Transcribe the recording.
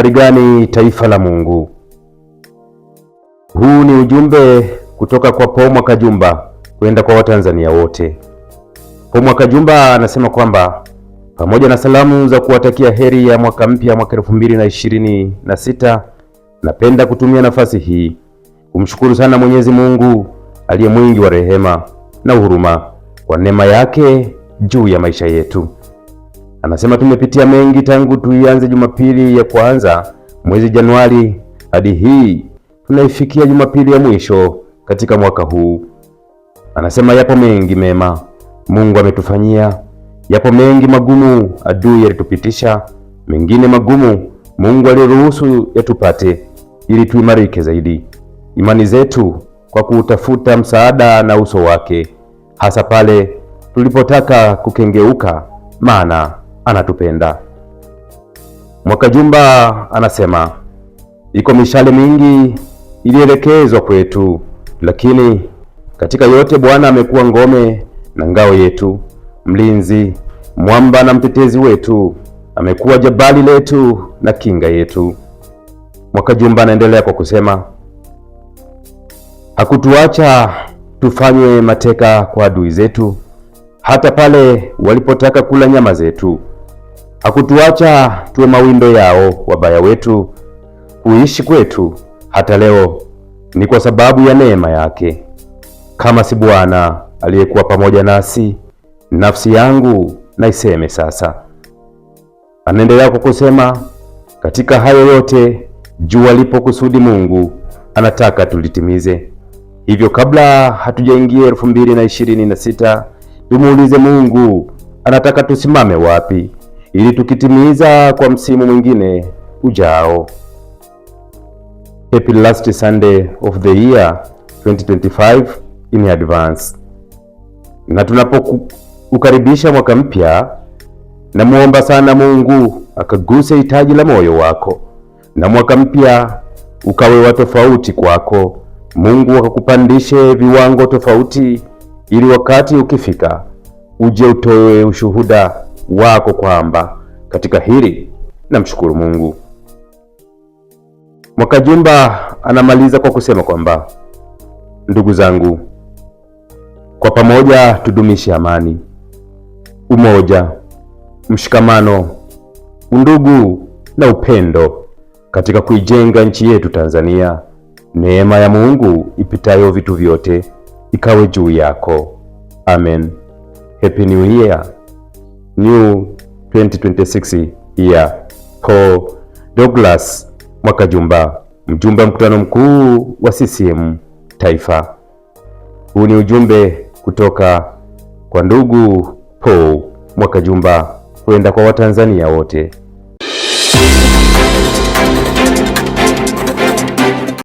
U gani taifa la Mungu? Huu ni ujumbe kutoka kwa Paul Mwakajumba kwenda kwa Watanzania wote. Paul Mwakajumba anasema kwamba pamoja na salamu za kuwatakia heri ya mwaka mpya mwaka elfu mbili na ishirini na sita, napenda kutumia nafasi hii kumshukuru sana Mwenyezi Mungu aliye mwingi wa rehema na huruma kwa neema yake juu ya maisha yetu. Anasema tumepitia mengi tangu tuianze Jumapili ya kwanza mwezi Januari hadi hii tunaifikia Jumapili ya mwisho katika mwaka huu. Anasema yapo mengi mema Mungu ametufanyia, yapo mengi magumu adui yalitupitisha, mengine magumu Mungu aliruhusu yatupate ili tuimarike zaidi imani zetu kwa kuutafuta msaada na uso wake, hasa pale tulipotaka kukengeuka maana anatupenda. Mwakajumba anasema iko mishale mingi ilielekezwa kwetu, lakini katika yote Bwana amekuwa ngome na ngao yetu, mlinzi, mwamba na mtetezi wetu. Amekuwa jabali letu na kinga yetu. Mwakajumba anaendelea kwa kusema hakutuacha tufanywe mateka kwa adui zetu, hata pale walipotaka kula nyama zetu hakutuacha tuwe mawindo yao wabaya wetu. Kuishi kwetu hata leo ni kwa sababu ya neema yake. Kama si Bwana aliyekuwa pamoja nasi, nafsi yangu na iseme sasa. Anaendelea kwa kusema, katika hayo yote juu kusudi Mungu anataka tulitimize. Hivyo kabla hatujaingia elfu mbili na ishirini na sita tumuulize Mungu anataka tusimame wapi ili tukitimiza kwa msimu mwingine ujao. Happy last Sunday of the year 2025 in advance. Na tunapoukaribisha mwaka mpya, namwomba sana Mungu akaguse hitaji la moyo wako, na mwaka mpya ukawe wa tofauti kwako. Mungu akakupandishe viwango tofauti, ili wakati ukifika uje utoe ushuhuda wako kwamba katika hili namshukuru Mungu. Mwakajumba anamaliza kwa kusema kwamba ndugu zangu, kwa pamoja tudumishe amani, umoja, mshikamano, undugu na upendo katika kuijenga nchi yetu Tanzania. Neema ya Mungu ipitayo vitu vyote ikawe juu yako. Amen. Happy New Year new 2026 year Paul Douglas Mwakajumba, mjumbe wa mkutano mkuu wa CCM Taifa. Huu ni ujumbe kutoka kwa ndugu Paul Mwakajumba kwenda kwa Watanzania wote.